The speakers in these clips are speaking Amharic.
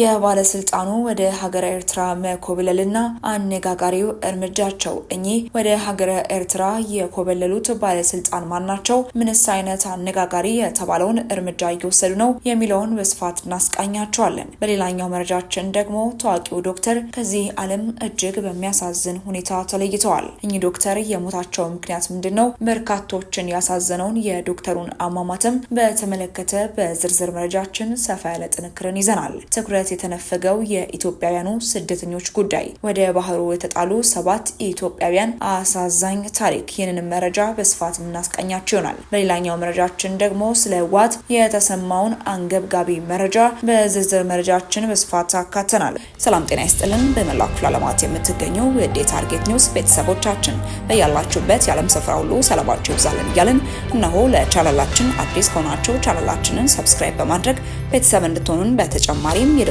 የባለስልጣኑ ወደ ሀገረ ኤርትራ መኮበለልና አነጋጋሪው እርምጃቸው። እኚህ ወደ ሀገረ ኤርትራ የኮበለሉት ባለስልጣን ማን ናቸው? ምንስ አይነት አነጋጋሪ የተባለውን እርምጃ እየወሰዱ ነው የሚለውን በስፋት እናስቃኛቸዋለን። በሌላኛው መረጃችን ደግሞ ታዋቂው ዶክተር ከዚህ ዓለም እጅግ በሚያሳዝን ሁኔታ ተለይተዋል። እኚህ ዶክተር የሞታቸው ምክንያት ምንድን ነው? በርካቶችን ያሳዘነውን የዶክተሩን አሟሟትም በተመለከተ በዝርዝር መረጃችን ሰፋ ያለ ጥንክርን ይዘናል። ትኩረት በቅርበት የተነፈገው የኢትዮጵያውያኑ ስደተኞች ጉዳይ ወደ ባህሩ የተጣሉ ሰባት ኢትዮጵያውያን አሳዛኝ ታሪክ። ይህንንም መረጃ በስፋት የምናስቀኛቸው ይሆናል። በሌላኛው መረጃችን ደግሞ ስለ ዋት የተሰማውን አንገብጋቢ መረጃ በዝርዝር መረጃችን በስፋት አካተናል። ሰላም ጤና ይስጥልን። በመላው ክፍለ ዓለማት የምትገኙ የዴ ታርጌት ኒውስ ቤተሰቦቻችን በያላችሁበት የዓለም ስፍራ ሁሉ ሰላማችሁ ይብዛልን እያልን እነሆ ለቻናላችን አዲስ ከሆናችሁ ቻናላችንን ሰብስክራይብ በማድረግ ቤተሰብ እንድትሆኑን በተጨማሪም የደ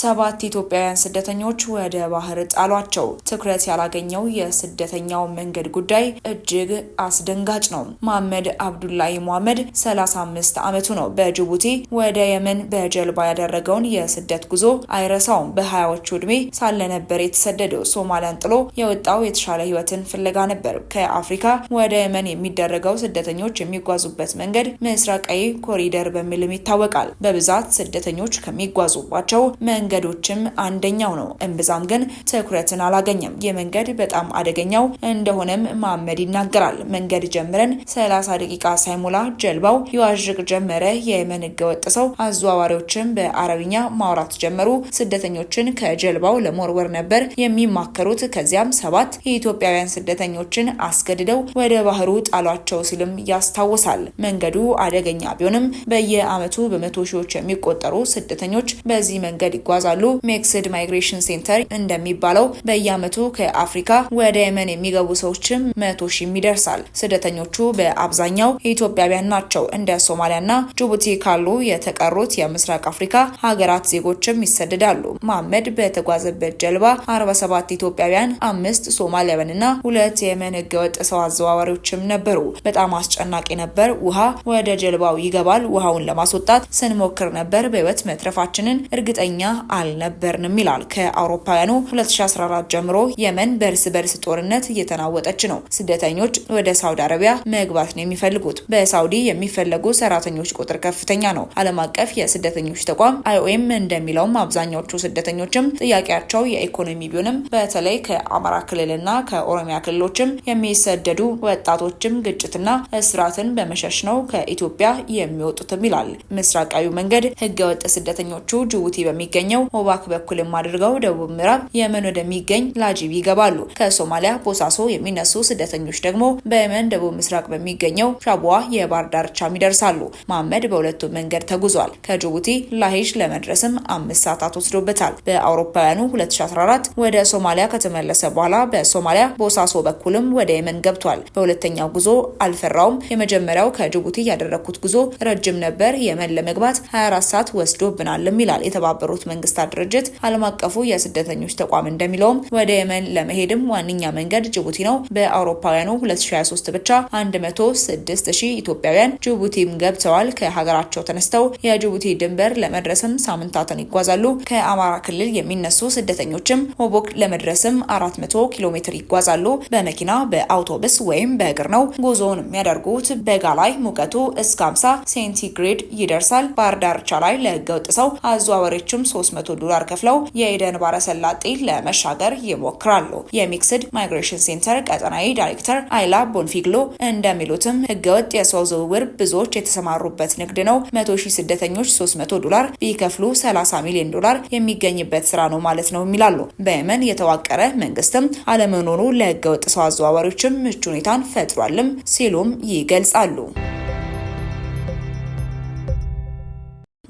ሰባት ኢትዮጵያውያን ስደተኞች ወደ ባህር ጣሏቸው። ትኩረት ያላገኘው የስደተኛው መንገድ ጉዳይ እጅግ አስደንጋጭ ነው። መሐመድ አብዱላሂ ሙሐመድ 35 ዓመቱ ነው። በጅቡቲ ወደ የመን በጀልባ ያደረገውን የስደት ጉዞ አይረሳውም። በሀያዎቹ ዕድሜ ሳለ ነበር የተሰደደው። ሶማሊያን ጥሎ የወጣው የተሻለ ህይወትን ፍለጋ ነበር። ከአፍሪካ ወደ የመን የሚደረገው ስደተኞች የሚጓዙበት መንገድ ምስራቃዊ ኮሪደር በሚልም ይታወቃል። በብዛት ስደተኞች ከሚጓዙባቸው መንገዶችም አንደኛው ነው። እምብዛም ግን ትኩረትን አላገኘም። ይህ መንገድ በጣም አደገኛው እንደሆነም ማመድ ይናገራል። መንገድ ጀምረን 30 ደቂቃ ሳይሞላ ጀልባው ይዋዥቅ ጀመረ። የየመን ህገወጥ ሰው አዘዋዋሪዎችን በአረብኛ ማውራት ጀመሩ። ስደተኞችን ከጀልባው ለመወርወር ነበር የሚማከሩት። ከዚያም ሰባት የኢትዮጵያውያን ስደተኞችን አስገድደው ወደ ባህሩ ጣሏቸው ሲልም ያስታውሳል። መንገዱ አደገኛ ቢሆንም በየዓመቱ በመቶ ሺዎች የሚቆጠሩ ስደተኞች በዚህ መንገድ ይጓ ይጓዛሉ። ሜክስድ ማይግሬሽን ሴንተር እንደሚባለው በየአመቱ ከአፍሪካ ወደ የመን የሚገቡ ሰዎችም መቶ ሺም ይደርሳል። ስደተኞቹ በአብዛኛው ኢትዮጵያውያን ናቸው። እንደ ሶማሊያና ጅቡቲ ካሉ የተቀሩት የምስራቅ አፍሪካ ሀገራት ዜጎችም ይሰደዳሉ። መሐመድ በተጓዘበት ጀልባ 47 ኢትዮጵያውያን፣ አምስት ሶማሊያውያንና ሁለት የመን ህገወጥ ሰው አዘዋዋሪዎችም ነበሩ። በጣም አስጨናቂ ነበር። ውሃ ወደ ጀልባው ይገባል። ውሃውን ለማስወጣት ስንሞክር ነበር። በህይወት መትረፋችንን እርግጠኛ አልነበርንም ይላል። ከአውሮፓውያኑ 2014 ጀምሮ የመን በእርስ በርስ ጦርነት እየተናወጠች ነው። ስደተኞች ወደ ሳውዲ አረቢያ መግባት ነው የሚፈልጉት። በሳውዲ የሚፈለጉ ሰራተኞች ቁጥር ከፍተኛ ነው። ዓለም አቀፍ የስደተኞች ተቋም አይኦኤም እንደሚለውም አብዛኛዎቹ ስደተኞችም ጥያቄያቸው የኢኮኖሚ ቢሆንም በተለይ ከአማራ ክልልና ከኦሮሚያ ክልሎችም የሚሰደዱ ወጣቶችም ግጭትና እስራትን በመሸሽ ነው ከኢትዮጵያ የሚወጡትም ይላል። ምስራቃዊ መንገድ ህገወጥ ስደተኞቹ ጅቡቲ በሚገኘው በሚገኘው ሆባክ በኩልም አድርገው ደቡብ ምዕራብ የመን ወደሚገኝ ላጂብ ይገባሉ። ከሶማሊያ ቦሳሶ የሚነሱ ስደተኞች ደግሞ በየመን ደቡብ ምስራቅ በሚገኘው ሻቡዋ የባህር ዳርቻም ይደርሳሉ። መሐመድ በሁለቱ መንገድ ተጉዟል። ከጅቡቲ ላሂጅ ለመድረስም አምስት ሰዓታት ወስዶበታል። በአውሮፓውያኑ 2014 ወደ ሶማሊያ ከተመለሰ በኋላ በሶማሊያ ቦሳሶ በኩልም ወደ የመን ገብቷል። በሁለተኛው ጉዞ አልፈራውም። የመጀመሪያው ከጅቡቲ ያደረግኩት ጉዞ ረጅም ነበር። የመን ለመግባት 24 ሰዓት ወስዶብናልም ይላል የተባበሩት መንግስታት መንግስታት ድርጅት ዓለም አቀፉ የስደተኞች ተቋም እንደሚለውም ወደ የመን ለመሄድም ዋነኛ መንገድ ጅቡቲ ነው። በአውሮፓውያኑ 2023 ብቻ 106 ሺህ ኢትዮጵያውያን ጅቡቲም ገብተዋል። ከሀገራቸው ተነስተው የጅቡቲ ድንበር ለመድረስም ሳምንታትን ይጓዛሉ። ከአማራ ክልል የሚነሱ ስደተኞችም ሆቦክ ለመድረስም 400 ኪሎ ሜትር ይጓዛሉ። በመኪና በአውቶቡስ ወይም በእግር ነው ጉዞውን የሚያደርጉት። በጋ ላይ ሙቀቱ እስከ 50 ሴንቲግሬድ ይደርሳል። ባህር ዳርቻ ላይ ለህገወጥ ሰው አዘዋዋሪዎችም 600 ዶላር ከፍለው የኤደን ባረሰላጤ ለመሻገር ይሞክራሉ። የሚክስድ ማይግሬሽን ሴንተር ቀጠናዊ ዳይሬክተር አይላ ቦንፊግሎ እንደሚሉትም ህገወጥ የሰው ዝውውር ብዙዎች የተሰማሩበት ንግድ ነው። 100 ሺህ ስደተኞች 300 ዶላር ቢከፍሉ 30 ሚሊዮን ዶላር የሚገኝበት ስራ ነው ማለት ነው የሚላሉ። በየመን የተዋቀረ መንግስትም አለመኖሩ ለህገወጥ ሰው አዘዋዋሪዎችም ምቹ ሁኔታን ፈጥሯልም ሲሉም ይገልጻሉ።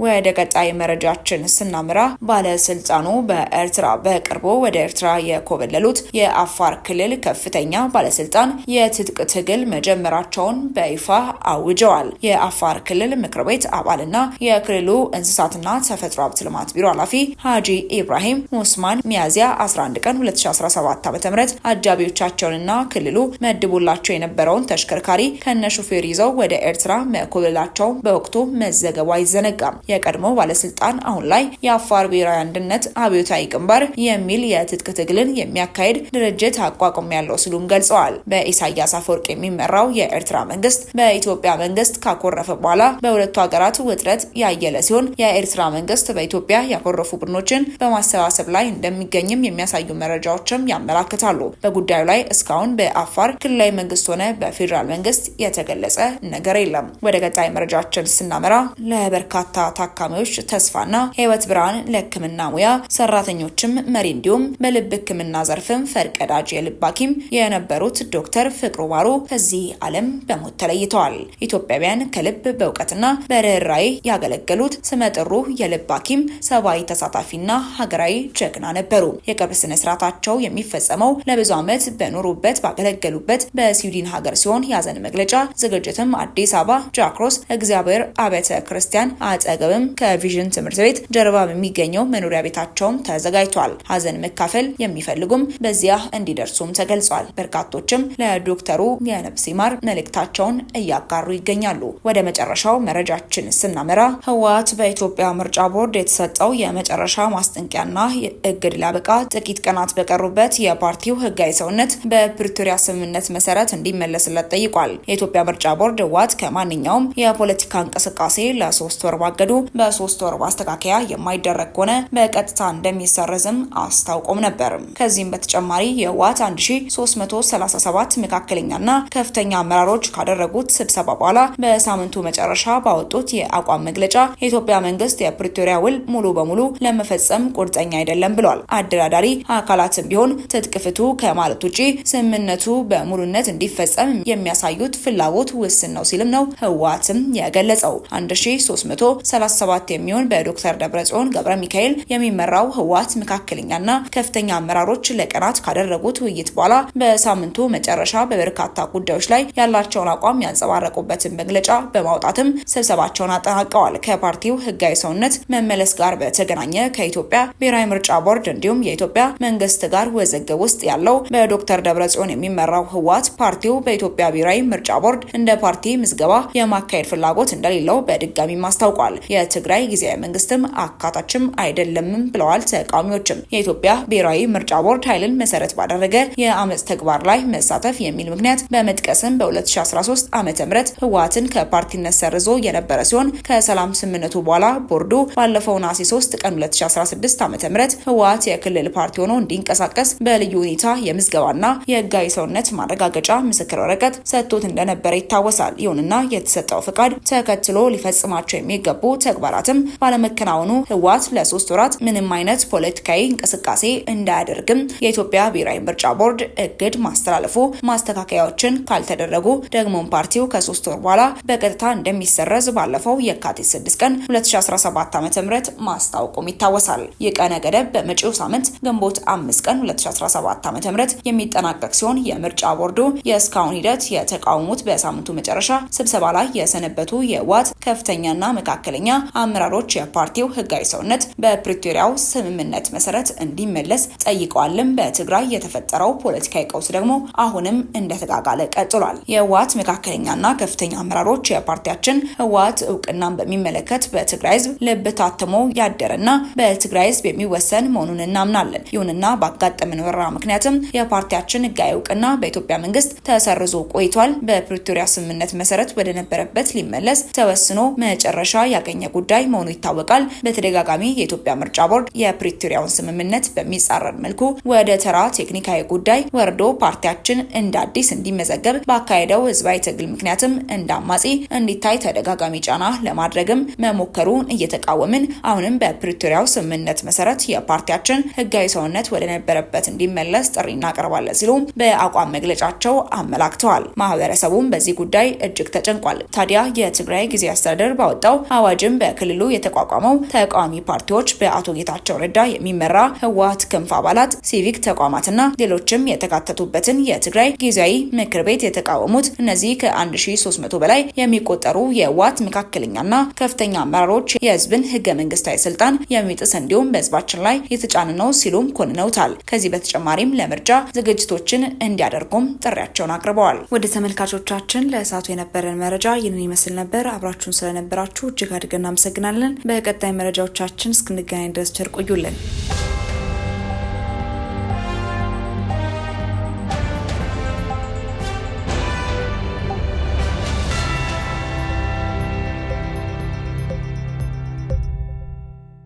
ወደ ቀጣይ መረጃችን ስናምራ ባለስልጣኑ በኤርትራ በቅርቡ ወደ ኤርትራ የኮበለሉት የአፋር ክልል ከፍተኛ ባለስልጣን የትጥቅ ትግል መጀመራቸውን በይፋ አውጀዋል። የአፋር ክልል ምክር ቤት አባልና የክልሉ እንስሳትና ተፈጥሮ ሀብት ልማት ቢሮ ኃላፊ ሀጂ ኢብራሂም ሙስማን ሚያዝያ 11 ቀን 2017 ዓ.ም አጃቢዎቻቸውንና ክልሉ መድቦላቸው የነበረውን ተሽከርካሪ ከነ ሹፌር ይዘው ወደ ኤርትራ መኮበለላቸው በወቅቱ መዘገቡ አይዘነጋም። የቀድሞ ባለስልጣን አሁን ላይ የአፋር ብሔራዊ አንድነት አብዮታዊ ግንባር የሚል የትጥቅ ትግልን የሚያካሄድ ድርጅት አቋቁም ያለው ሲሉም ገልጸዋል። በኢሳያስ አፈወርቅ የሚመራው የኤርትራ መንግስት በኢትዮጵያ መንግስት ካኮረፈ በኋላ በሁለቱ ሀገራት ውጥረት ያየለ ሲሆን የኤርትራ መንግስት በኢትዮጵያ ያኮረፉ ቡድኖችን በማሰባሰብ ላይ እንደሚገኝም የሚያሳዩ መረጃዎችም ያመላክታሉ። በጉዳዩ ላይ እስካሁን በአፋር ክልላዊ መንግስት ሆነ በፌዴራል መንግስት የተገለጸ ነገር የለም። ወደ ቀጣይ መረጃችን ስናመራ ለበርካታ ታካሚዎች ተስፋና ህይወት ብርሃን ለህክምና ሙያ ሰራተኞችም መሪ እንዲሁም በልብ ህክምና ዘርፍም ፈርቀዳጅ የልብ ሐኪም የነበሩት ዶክተር ፍቅሩ ባሮ ከዚህ ዓለም በሞት ተለይተዋል። ኢትዮጵያውያን ከልብ በእውቀትና በርኅራኄ ያገለገሉት ስመጥሩ የልብ ሐኪም ሰብአዊ ተሳታፊና ሀገራዊ ጀግና ነበሩ። የቀብር ስነ ስርዓታቸው የሚፈጸመው ለብዙ ዓመት በኖሩበት ባገለገሉበት በስዊድን ሀገር ሲሆን ያዘን መግለጫ ዝግጅትም አዲስ አበባ ጃክሮስ እግዚአብሔር አብያተ ክርስቲያን አጠገ አጠገብም ከቪዥን ትምህርት ቤት ጀርባ በሚገኘው መኖሪያ ቤታቸውም ተዘጋጅቷል። ሀዘን መካፈል የሚፈልጉም በዚያ እንዲደርሱም ተገልጿል። በርካቶችም ለዶክተሩ የነፍስ ይማር መልእክታቸውን እያጋሩ ይገኛሉ። ወደ መጨረሻው መረጃችን ስናመራ ህወሓት በኢትዮጵያ ምርጫ ቦርድ የተሰጠው የመጨረሻ ማስጠንቀቂያና እግድ ሊያበቃ ጥቂት ቀናት በቀሩበት የፓርቲው ህጋዊ ሰውነት በፕሪቶሪያ ስምምነት መሰረት እንዲመለስለት ጠይቋል። የኢትዮጵያ ምርጫ ቦርድ ህወሓት ከማንኛውም የፖለቲካ እንቅስቃሴ ለሶስት ወር ማገዱ መንገዱ በሶስት ወር ማስተካከያ የማይደረግ ከሆነ በቀጥታ እንደሚሰረዝም አስታውቆም ነበር። ከዚህም በተጨማሪ የህወሓት 1337 መካከለኛና ከፍተኛ አመራሮች ካደረጉት ስብሰባ በኋላ በሳምንቱ መጨረሻ ባወጡት የአቋም መግለጫ የኢትዮጵያ መንግስት የፕሪቶሪያ ውል ሙሉ በሙሉ ለመፈጸም ቁርጠኛ አይደለም ብሏል። አደራዳሪ አካላትም ቢሆን ትጥቅ ፍቱ ከማለት ውጪ ስምምነቱ በሙሉነት እንዲፈጸም የሚያሳዩት ፍላጎት ውስን ነው ሲልም ነው ህወሓትም የገለጸው። 1337 37 የሚሆን በዶክተር ደብረጽዮን ገብረ ሚካኤል የሚመራው ህወሓት መካከለኛና ከፍተኛ አመራሮች ለቀናት ካደረጉት ውይይት በኋላ በሳምንቱ መጨረሻ በበርካታ ጉዳዮች ላይ ያላቸውን አቋም ያንጸባረቁበትን መግለጫ በማውጣትም ስብሰባቸውን አጠናቀዋል። ከፓርቲው ህጋዊ ሰውነት መመለስ ጋር በተገናኘ ከኢትዮጵያ ብሔራዊ ምርጫ ቦርድ እንዲሁም የኢትዮጵያ መንግስት ጋር ውዝግብ ውስጥ ያለው በዶክተር ደብረጽዮን የሚመራው ህወሓት ፓርቲው በኢትዮጵያ ብሔራዊ ምርጫ ቦርድ እንደ ፓርቲ ምዝገባ የማካሄድ ፍላጎት እንደሌለው በድጋሚ አስታውቋል። የትግራይ ጊዜያዊ መንግስትም አካታችም አይደለምም ብለዋል ተቃዋሚዎችም። የኢትዮጵያ ብሔራዊ ምርጫ ቦርድ ኃይልን መሰረት ባደረገ የአመፅ ተግባር ላይ መሳተፍ የሚል ምክንያት በመጥቀስም በ2013 ዓ ም ህወሓትን ከፓርቲነት ሰርዞ የነበረ ሲሆን ከሰላም ስምምነቱ በኋላ ቦርዱ ባለፈው ነሐሴ 3 ቀን 2016 ዓ ም ህወሓት የክልል ፓርቲ ሆኖ እንዲንቀሳቀስ በልዩ ሁኔታ የምዝገባና የህጋዊ ሰውነት ማረጋገጫ ምስክር ወረቀት ሰጥቶት እንደነበረ ይታወሳል። ይሁንና የተሰጠው ፍቃድ ተከትሎ ሊፈጽማቸው የሚገቡ ተግባራትም ባለመከናወኑ ህወሓት ለሶስት ወራት ምንም አይነት ፖለቲካዊ እንቅስቃሴ እንዳያደርግም የኢትዮጵያ ብሔራዊ ምርጫ ቦርድ እግድ ማስተላለፉ፣ ማስተካከያዎችን ካልተደረጉ ደግሞም ፓርቲው ከሶስት ወር በኋላ በቀጥታ እንደሚሰረዝ ባለፈው የካቲት 6 ቀን 2017 ዓ.ም ማስታወቁም ይታወሳል። ይህ ቀነ ገደብ በመጪው ሳምንት ግንቦት 5 ቀን 2017 ዓ.ም የሚጠናቀቅ ሲሆን የምርጫ ቦርዱ የእስካሁን ሂደት የተቃውሙት በሳምንቱ መጨረሻ ስብሰባ ላይ የሰነበቱ የህወሓት ከፍተኛና መካከለኛ አመራሮች የፓርቲው ህጋዊ ሰውነት በፕሪቶሪያው ስምምነት መሰረት እንዲመለስ ጠይቀዋልም። በትግራይ የተፈጠረው ፖለቲካዊ ቀውስ ደግሞ አሁንም እንደተጋጋለ ቀጥሏል። የህወሓት መካከለኛና ከፍተኛ አመራሮች የፓርቲያችን ህወሓት እውቅናን በሚመለከት በትግራይ ህዝብ ልብ ታትሞ ያደረና በትግራይ ህዝብ የሚወሰን መሆኑን እናምናለን። ይሁንና ባጋጠመን ወረራ ምክንያትም የፓርቲያችን ህጋዊ እውቅና በኢትዮጵያ መንግስት ተሰርዞ ቆይቷል። በፕሪቶሪያ ስምምነት መሰረት ወደነበረበት ሊመለስ ተወስኖ መጨረሻ ያገኘ ከፍተኛ ጉዳይ መሆኑ ይታወቃል። በተደጋጋሚ የኢትዮጵያ ምርጫ ቦርድ የፕሪቶሪያውን ስምምነት በሚጻረር መልኩ ወደ ተራ ቴክኒካዊ ጉዳይ ወርዶ ፓርቲያችን እንደ አዲስ እንዲመዘገብ ባካሄደው ህዝባዊ ትግል ምክንያትም እንደ አማጺ እንዲታይ ተደጋጋሚ ጫና ለማድረግም መሞከሩን እየተቃወምን አሁንም በፕሪቶሪያው ስምምነት መሰረት የፓርቲያችን ህጋዊ ሰውነት ወደ ነበረበት እንዲመለስ ጥሪ እናቀርባለን ሲሉ በአቋም መግለጫቸው አመላክተዋል። ማህበረሰቡም በዚህ ጉዳይ እጅግ ተጨንቋል። ታዲያ የትግራይ ጊዜ አስተዳደር ባወጣው አዋጅም ሌሎችም በክልሉ የተቋቋመው ተቃዋሚ ፓርቲዎች በአቶ ጌታቸው ረዳ የሚመራ ህወሀት ክንፍ አባላት፣ ሲቪክ ተቋማትና ሌሎችም የተካተቱበትን የትግራይ ጊዜያዊ ምክር ቤት የተቃወሙት እነዚህ ከ1300 በላይ የሚቆጠሩ የህወሀት መካከለኛና ከፍተኛ አመራሮች የህዝብን ህገ መንግስታዊ ስልጣን የሚጥስ እንዲሁም በህዝባችን ላይ የተጫነ ነው ሲሉም ኮንነውታል። ከዚህ በተጨማሪም ለምርጫ ዝግጅቶችን እንዲያደርጉም ጥሪያቸውን አቅርበዋል። ወደ ተመልካቾቻችን ለእሳቱ የነበረን መረጃ ይህንን ይመስል ነበር። አብራችሁን ስለነበራችሁ እጅግ አድ አድርገን እናመሰግናለን። በቀጣይ መረጃዎቻችን እስክንገናኝ ድረስ ቸር ቆዩልን።